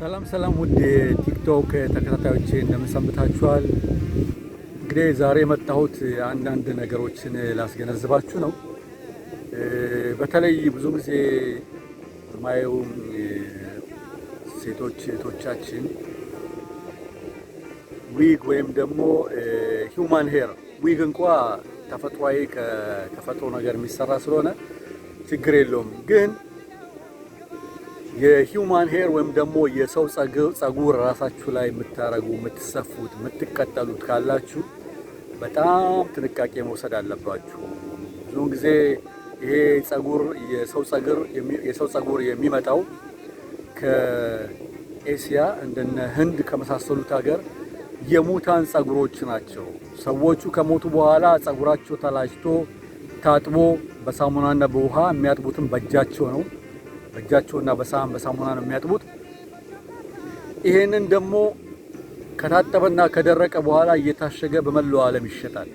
ሰላም ሰላም፣ ውድ ቲክቶክ ተከታታዮቼ እንደምንሰንብታችኋል። እንግዲህ ዛሬ የመጣሁት አንዳንድ ነገሮችን ላስገነዝባችሁ ነው። በተለይ ብዙ ጊዜ ማየው ሴቶች እህቶቻችን ዊግ ወይም ደግሞ ሂውማን ሄር ዊግ እንኳ ተፈጥሯዊ ከተፈጥሮ ነገር የሚሰራ ስለሆነ ችግር የለውም ግን የሂውማን ሄር ወይም ደግሞ የሰው ጸጉር ራሳችሁ ላይ የምታረጉ የምትሰፉት፣ የምትቀጠሉት ካላችሁ በጣም ጥንቃቄ መውሰድ አለባችሁ። ብዙውን ጊዜ ይሄ ጸጉር የሰው ጸጉር የሚመጣው ከኤስያ እንደነ ህንድ ከመሳሰሉት ሀገር የሙታን ጸጉሮች ናቸው። ሰዎቹ ከሞቱ በኋላ ጸጉራቸው ተላጭቶ ታጥቦ በሳሙናና በውሃ የሚያጥቡትን በእጃቸው ነው። በእጃቸውና በሳህን በሳሙና ነው የሚያጥቡት። ይሄንን ደግሞ ከታጠበና ከደረቀ በኋላ እየታሸገ በመላው ዓለም ይሸጣል።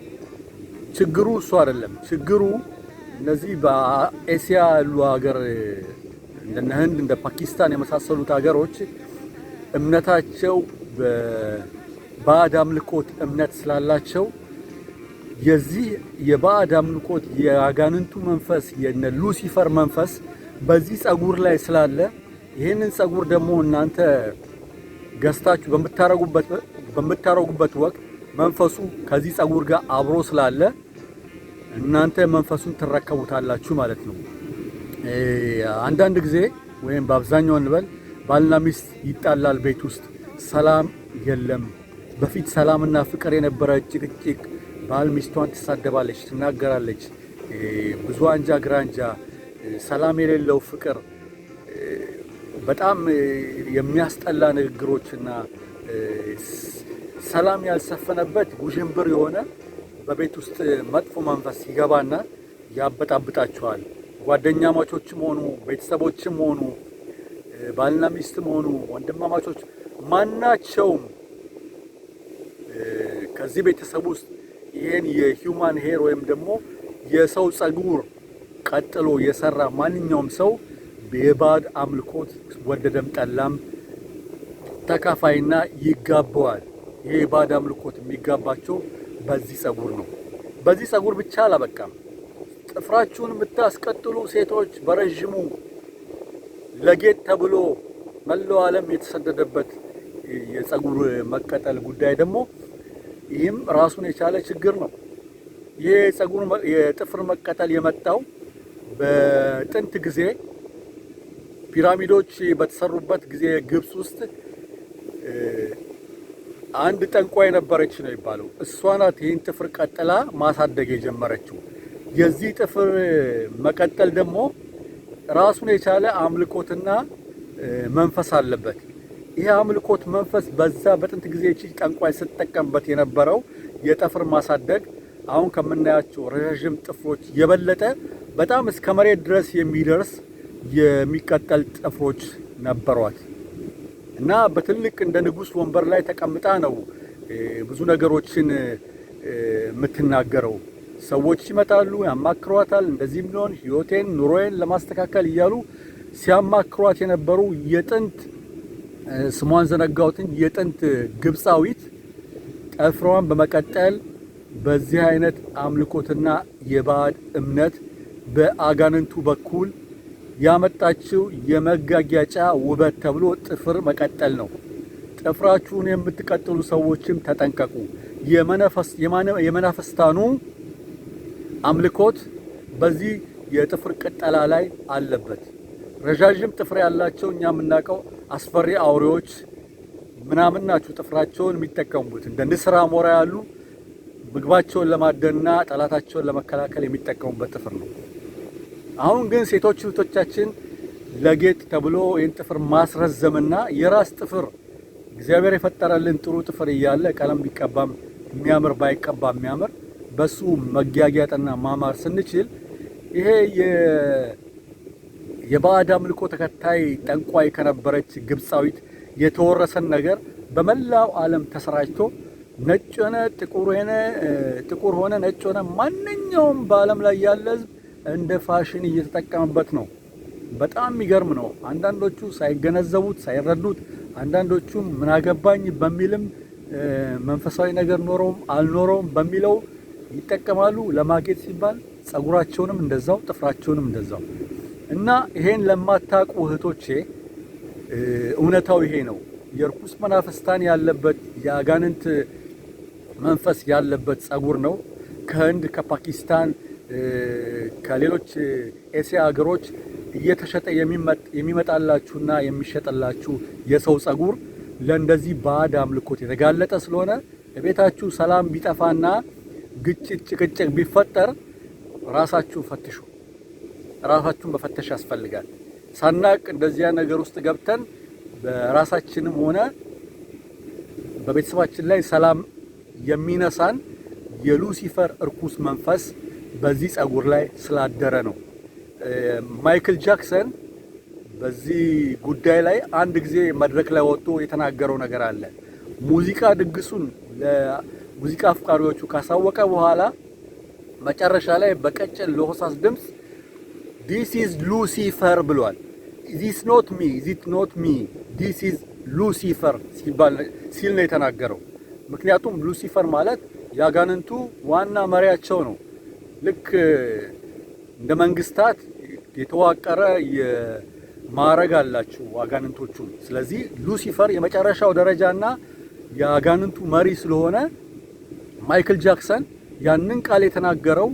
ችግሩ እሱ አይደለም። ችግሩ እነዚህ በኤስያ ያሉ ሀገር እንደነ ህንድ እንደ ፓኪስታን የመሳሰሉት ሀገሮች እምነታቸው በባዕድ አምልኮት እምነት ስላላቸው የዚህ የባዕድ አምልኮት የአጋንንቱ መንፈስ የነ ሉሲፈር መንፈስ በዚህ ጸጉር ላይ ስላለ ይህንን ጸጉር ደግሞ እናንተ ገዝታችሁ በምታረጉበት ወቅት መንፈሱ ከዚህ ጸጉር ጋር አብሮ ስላለ እናንተ መንፈሱን ትረከቡታላችሁ ማለት ነው። አንዳንድ ጊዜ ወይም በአብዛኛው እንበል ባልና ሚስት ይጣላል። ቤት ውስጥ ሰላም የለም። በፊት ሰላምና ፍቅር የነበረ ጭቅጭቅ፣ ባል ሚስቷን ትሳደባለች፣ ትናገራለች፣ ብዙ አንጃ ግራንጃ ሰላም የሌለው ፍቅር፣ በጣም የሚያስጠላ ንግግሮችና ሰላም ያልሰፈነበት ውዥንብር የሆነ በቤት ውስጥ መጥፎ መንፈስ ይገባና ያበጣብጣቸዋል። ጓደኛማቾችም ሆኑ ቤተሰቦችም ሆኑ ባልና ሚስትም ሆኑ ወንድማማቾች ማናቸውም ከዚህ ቤተሰብ ውስጥ ይህን የሂውማን ሄር ወይም ደግሞ የሰው ጸጉር ቀጥሎ የሰራ ማንኛውም ሰው የባዕድ አምልኮት ወደደም ጠላም ተካፋይና ይጋባዋል። ይሄ የባዕድ አምልኮት የሚጋባቸው በዚህ ጸጉር ነው። በዚህ ጸጉር ብቻ አላበቃም። ጥፍራችሁን የምታስቀጥሉ ሴቶች በረዥሙ ለጌጥ ተብሎ መላው ዓለም የተሰደደበት የጸጉር መቀጠል ጉዳይ ደግሞ ይህም ራሱን የቻለ ችግር ነው። ይሄ የጸጉር የጥፍር መቀጠል የመጣው በጥንት ጊዜ ፒራሚዶች በተሰሩበት ጊዜ ግብፅ ውስጥ አንድ ጠንቋይ ነበረች ነው የሚባለው። እሷ ናት ይህን ጥፍር ቀጥላ ማሳደግ የጀመረችው። የዚህ ጥፍር መቀጠል ደግሞ ራሱን የቻለ አምልኮትና መንፈስ አለበት። ይሄ አምልኮት መንፈስ በዛ በጥንት ጊዜ እቺ ጠንቋይ ስትጠቀምበት የነበረው የጥፍር ማሳደግ አሁን ከምናያቸው ረዣዥም ጥፍሮች የበለጠ በጣም እስከ መሬት ድረስ የሚደርስ የሚቀጠል ጥፍሮች ነበሯት እና በትልቅ እንደ ንጉሥ ወንበር ላይ ተቀምጣ ነው ብዙ ነገሮችን የምትናገረው። ሰዎች ይመጣሉ፣ ያማክሯታል። እንደዚህም ቢሆን ሕይወቴን ኑሮዬን ለማስተካከል እያሉ ሲያማክሯት የነበሩ የጥንት ስሟን ዘነጋሁትን የጥንት ግብፃዊት ጠፍሯን በመቀጠል በዚህ አይነት አምልኮትና የባዕድ እምነት በአጋንንቱ በኩል ያመጣችው የመጋጊያጫ ውበት ተብሎ ጥፍር መቀጠል ነው። ጥፍራችሁን የምትቀጥሉ ሰዎችም ተጠንቀቁ። የመናፈስታኑ አምልኮት በዚህ የጥፍር ቅጠላ ላይ አለበት። ረዣዥም ጥፍር ያላቸው እኛ የምናውቀው አስፈሪ አውሬዎች ምናምን ናቸው ጥፍራቸውን የሚጠቀሙት እንደ ንስራ ሞራ ያሉ ምግባቸውን ለማደንና ጠላታቸውን ለመከላከል የሚጠቀሙበት ጥፍር ነው። አሁን ግን ሴቶች እህቶቻችን ለጌጥ ተብሎ ይህን ጥፍር ማስረዘምና የራስ ጥፍር እግዚአብሔር የፈጠረልን ጥሩ ጥፍር እያለ ቀለም ቢቀባም የሚያምር ባይቀባ የሚያምር በሱ መጊያጊያጥና ማማር ስንችል ይሄ የባዕድ አምልኮ ተከታይ ጠንቋይ ከነበረች ግብፃዊት የተወረሰን ነገር በመላው ዓለም ተሰራጭቶ ነጭ ሆነ ጥቁር ሆነ ጥቁር ሆነ ነጭ ሆነ ማንኛውም በዓለም ላይ ያለ ህዝብ እንደ ፋሽን እየተጠቀመበት ነው። በጣም የሚገርም ነው። አንዳንዶቹ ሳይገነዘቡት ሳይረዱት፣ አንዳንዶቹም ምናገባኝ በሚልም መንፈሳዊ ነገር ኖረውም አልኖረውም በሚለው ይጠቀማሉ ለማጌጥ ሲባል ጸጉራቸውንም እንደዛው ጥፍራቸውንም እንደዛው እና ይሄን ለማታቁ እህቶቼ እውነታው ይሄ ነው። የርኩስ መናፍስታን ያለበት የአጋንንት መንፈስ ያለበት ጸጉር ነው። ከህንድ ከፓኪስታን ከሌሎች ኤስያ ሀገሮች እየተሸጠ የሚመጣላችሁና የሚሸጠላችሁ የሰው ጸጉር ለእንደዚህ ባዕድ አምልኮት የተጋለጠ ስለሆነ ቤታችሁ ሰላም ቢጠፋና ግጭት፣ ጭቅጭቅ ቢፈጠር ራሳችሁን ፈትሹ። ራሳችሁን መፈተሽ ያስፈልጋል። ሳናቅ እንደዚያ ነገር ውስጥ ገብተን በራሳችንም ሆነ በቤተሰባችን ላይ ሰላም የሚነሳን የሉሲፈር እርኩስ መንፈስ በዚህ ጸጉር ላይ ስላደረ ነው። ማይክል ጃክሰን በዚህ ጉዳይ ላይ አንድ ጊዜ መድረክ ላይ ወጥቶ የተናገረው ነገር አለ። ሙዚቃ ድግሱን ለሙዚቃ አፍቃሪዎቹ ካሳወቀ በኋላ መጨረሻ ላይ በቀጭን ለሆሳስ ድምፅ ዲስ ኢዝ ሉሲፈር ብሏል። ዚስ ኖት ሚ ዚት ኖት ሚ ዲስ ኢዝ ሉሲፈር ሲል ነው የተናገረው። ምክንያቱም ሉሲፈር ማለት ያጋንንቱ ዋና መሪያቸው ነው። ልክ እንደ መንግስታት የተዋቀረ ማዕረግ አላችሁ አጋንንቶቹን ስለዚህ ሉሲፈር የመጨረሻው ደረጃና የአጋንንቱ መሪ ስለሆነ ማይክል ጃክሰን ያንን ቃል የተናገረው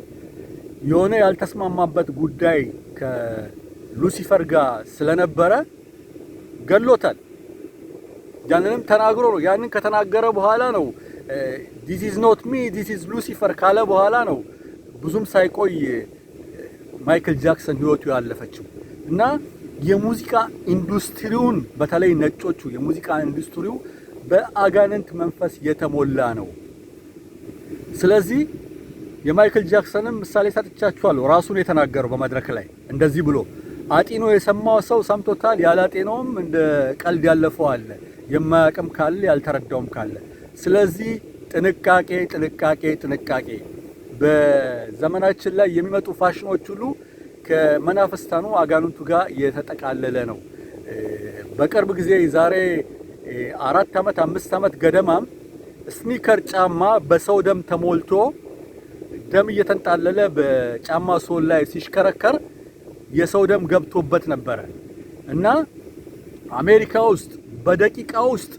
የሆነ ያልተስማማበት ጉዳይ ከሉሲፈር ጋር ስለነበረ ገሎታል። ያንንም ተናግሮ ነው። ያንን ከተናገረ በኋላ ነው ዲስ ኢዝ ኖት ሚ ዲስ ኢዝ ሉሲፈር ካለ በኋላ ነው ብዙም ሳይቆይ ማይክል ጃክሰን ህይወቱ ያለፈችው እና የሙዚቃ ኢንዱስትሪውን በተለይ ነጮቹ የሙዚቃ ኢንዱስትሪው በአጋንንት መንፈስ የተሞላ ነው። ስለዚህ የማይክል ጃክሰንም ምሳሌ ሰጥቻችኋለሁ። ራሱን የተናገረው በመድረክ ላይ እንደዚህ ብሎ አጢኖ የሰማው ሰው ሰምቶታል፣ ያላጤነውም እንደ ቀልድ ያለፈው አለ፣ የማያቅም ካለ ያልተረዳውም ካለ። ስለዚህ ጥንቃቄ ጥንቃቄ ጥንቃቄ በዘመናችን ላይ የሚመጡ ፋሽኖች ሁሉ ከመናፍስታኑ አጋንንቱ ጋር የተጠቃለለ ነው። በቅርብ ጊዜ ዛሬ አራት ዓመት አምስት ዓመት ገደማም ስኒከር ጫማ በሰው ደም ተሞልቶ ደም እየተንጣለለ በጫማ ሶል ላይ ሲሽከረከር የሰው ደም ገብቶበት ነበረ እና አሜሪካ ውስጥ በደቂቃ ውስጥ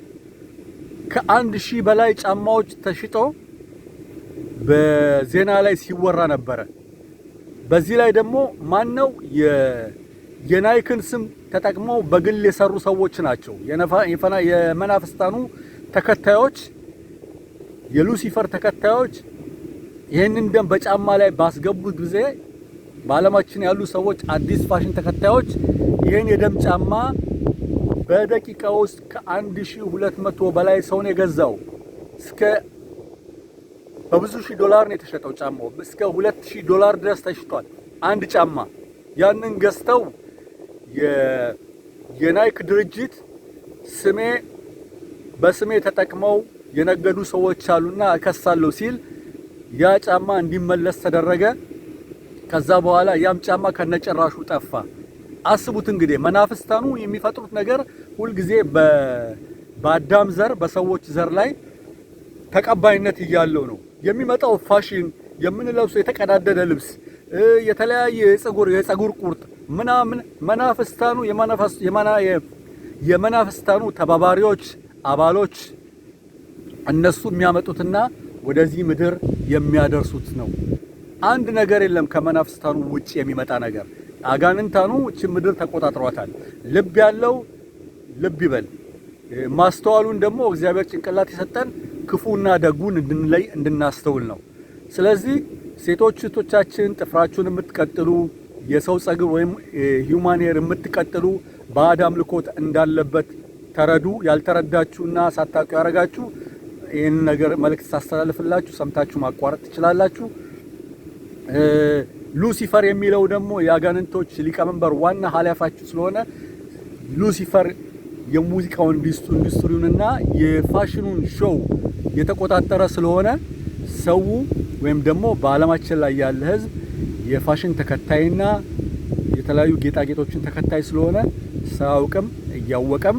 ከአንድ ሺህ በላይ ጫማዎች ተሽጠው በዜና ላይ ሲወራ ነበረ። በዚህ ላይ ደግሞ ማን ነው የናይክን ስም ተጠቅመው በግል የሰሩ ሰዎች ናቸው። የመናፍስታኑ ተከታዮች፣ የሉሲፈር ተከታዮች ይህንን ደም በጫማ ላይ ባስገቡት ጊዜ በዓለማችን ያሉ ሰዎች አዲስ ፋሽን ተከታዮች ይህን የደም ጫማ በደቂቃ ውስጥ ከ1200 በላይ ሰውን የገዛው እስከ በብዙ ሺህ ዶላር ነው የተሸጠው። ጫማው እስከ ሁለት ሺህ ዶላር ድረስ ተሽጧል አንድ ጫማ። ያንን ገዝተው የናይክ ድርጅት ስሜ በስሜ ተጠቅመው የነገዱ ሰዎች አሉና እከሳለሁ ሲል ያ ጫማ እንዲመለስ ተደረገ። ከዛ በኋላ ያም ጫማ ከነጭራሹ ጠፋ። አስቡት እንግዲህ መናፍስታኑ የሚፈጥሩት ነገር ሁልጊዜ በአዳም ዘር በሰዎች ዘር ላይ ተቀባይነት እያለው ነው የሚመጣው። ፋሽን የምንለብሰው የተቀዳደደ ልብስ፣ የተለያየ የፀጉር የፀጉር ቁርጥ ምናምን መናፍስታኑ የመናፍስታኑ ተባባሪዎች አባሎች እነሱ የሚያመጡትና ወደዚህ ምድር የሚያደርሱት ነው። አንድ ነገር የለም ከመናፍስታኑ ውጭ የሚመጣ ነገር። አጋንንታኑ እቺ ምድር ተቆጣጥሯታል። ልብ ያለው ልብ ይበል። ማስተዋሉን ደግሞ እግዚአብሔር ጭንቅላት የሰጠን ክፉና ደጉን እንድንለይ እንድናስተውል ነው። ስለዚህ ሴቶች እህቶቻችን ጥፍራችሁን የምትቀጥሉ የሰው ጸጉር ወይም ሂውማን ሄር የምትቀጥሉ ባዕድ አምልኮት እንዳለበት ተረዱ። ያልተረዳችሁና ሳታውቁ ያደረጋችሁ ይህን ነገር መልእክት ሳስተላልፍላችሁ ሰምታችሁ ማቋረጥ ትችላላችሁ። ሉሲፈር የሚለው ደግሞ የአጋንንቶች ሊቀመንበር ዋና ኃላፊያችሁ ስለሆነ ሉሲፈር የሙዚቃውን ኢንዱስትሪውንና የፋሽኑን ሾው የተቆጣጠረ ስለሆነ ሰው ወይም ደግሞ በዓለማችን ላይ ያለ ህዝብ የፋሽን ተከታይና የተለያዩ ጌጣጌጦችን ተከታይ ስለሆነ ሳያውቅም እያወቀም